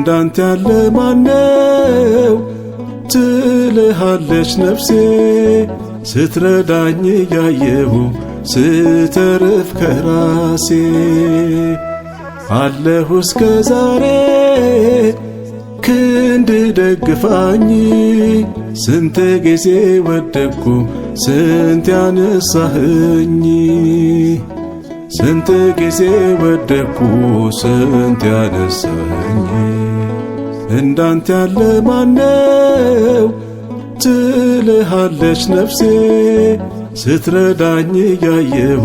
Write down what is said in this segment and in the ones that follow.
እንዳንተ ያለ ማነው ትልሃለች ነፍሴ ስትረዳኝ እያየሁ ስተርፍ ከራሴ አለሁ እስከ ዛሬ ክንድ ደግፋኝ ስንት ጊዜ ወደግኩ ስንት ያነሳህኝ ስንት ጊዜ ወደግኩ ስንት ያነሳህኝ እንዳንተ ያለ ማነው ትልሃለች ነፍሴ ስትረዳኝ እያየሁ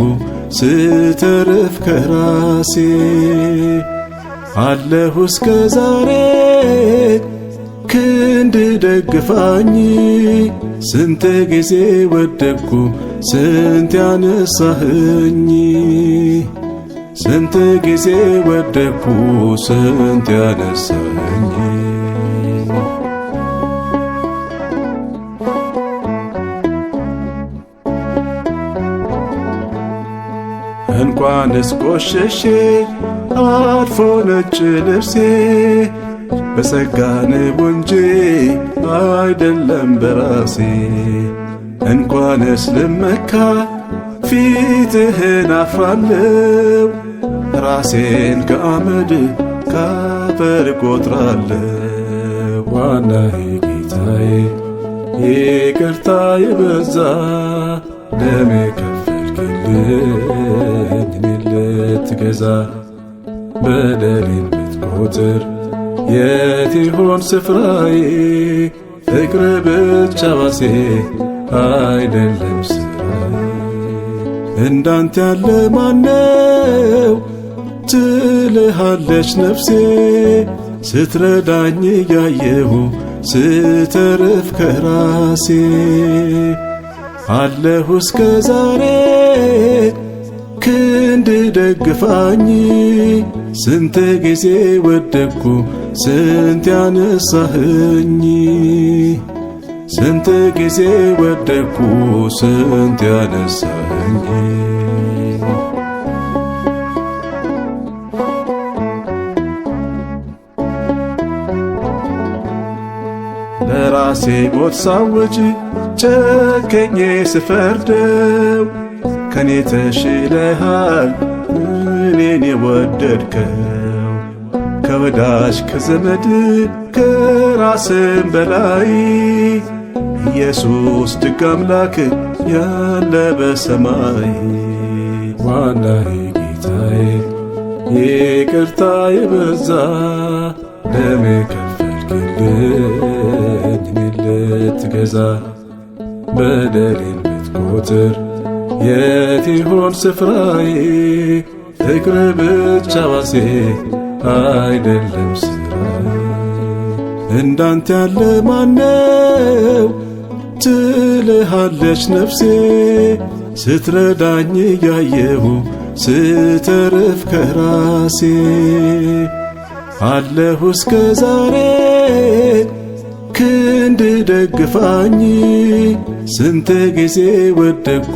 ስተርፍ ከራሴ አለሁ እስከ ዛሬ ክንድ ደግፋኝ ስንት ጊዜ ወደቅኩ ስንት ያነሳህኝ ስንት ጊዜ ወደቅኩ ስንት ያነሳ እንኳንስ ቆሸሼ አድፎ ነጭ ልብሴ በሰጋን ቦንጄ አይደለም በራሴ እንኳንስ ልመካ ፊትህን አፍራለው ራሴን ከአመድ ካፈር ቆጥራለው ዋናዬ ጌታዬ ይቅርታ የበዛ ደሜ ከፈልክልኝ ቤዛ በደሌን ብትቆጥር የት ይሆን ስፍራዬ? ፍቅር ብቻ ባሴ አይደለም ስራዬ። እንዳንተ ያለ ማነው ትልሃለች ነፍሴ ስትረዳኝ ያየሁ ስተርፍ ከራሴ አለሁ እስከ ዛሬ ክንድ ደግፋኝ ስንት ጊዜ ወደኩ ስንት ያነሳህኝ ስንት ጊዜ ወደቅኩ ስንት ያነሳህኝ ለራሴ ሞት ሳውጅ ጨከኜ ስፈርደው ከኔ ተሽለሃል እኔን የወደድከው ከወዳጅ ከዘመድ ከራስም በላይ ኢየሱስ ድግ አምላክ ያለ በሰማይ ዋናዬ ጌታዬ ይቅርታ የበዛ ደሜ ከፈልክልኝ ልትገዛ በደሌን ብትቆጥር የት ይሆን ስፍራዬ? ፍቅር ብቻ ዋሴ አይደለም ስራዬ። እንዳንተ ያለ ማነው ትልሃለች ነፍሴ ስትረዳኝ እያየሁ ስተርፍ ከራሴ አለሁ እስከ ዛሬ እንድደግፋኝ ስንት ጊዜ ወደኩ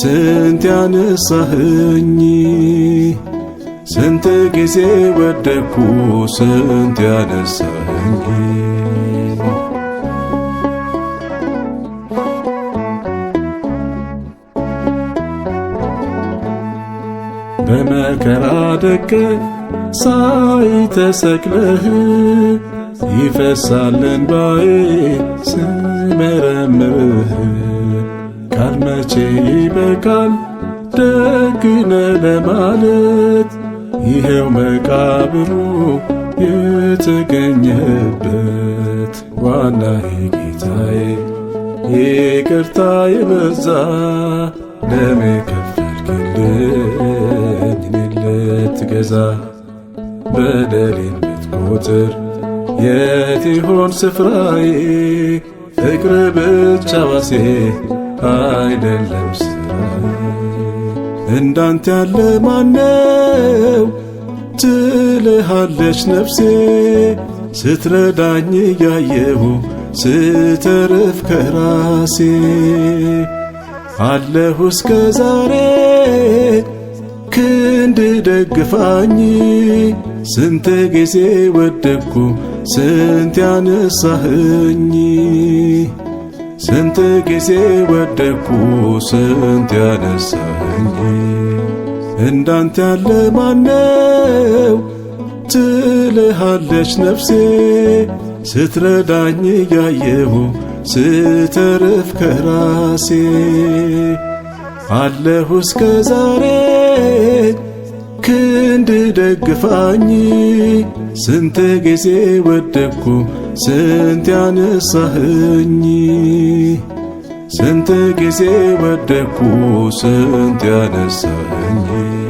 ስንት ያነሳህኝ ስንት ጊዜ ወደኩ ስንት ያነሳህኝ በመከራ ደቀ ሳይ ተሰቅለህ ይፈሳለን ባዬ ስመረምርህ ካልመቼ ይበቃል ደግነ ለማለት ይሄው መቃብሩ የተገኘበት ዋና ጌታዬ ይቅርታ የበዛ ደሜ ከፈልክልኝ ገዛ ልትገዛ በደሌን ብትቆጥር የት ይሆን ስፍራዬ? ፍቅር ብቻ ዋሴ አይደለም እንዳንተ ያለ ማነው ትልሃለች ነፍሴ ስትረዳኝ እያየሁ ስተርፍ ከራሴ አለሁ እስከ ዛሬ ክንድ ደግፋኝ ስንት ጊዜ ወደግኩ ስንት ያነሳህኝ ስንት ጊዜ ወደኩ ስንት ያነሳህኝ እንዳንተ ያለ ማነው ትልሃለች ነፍሴ ስትረዳኝ ያየሁ ስተርፍ ከራሴ አለሁ እስከ ዛሬ ክንድ ደግፋኝ ስንት ጊዜ ወደቅኩ ስንት ያነሳህኝ ስንት ጊዜ ወደቅኩ ስንት ያነሳህኝ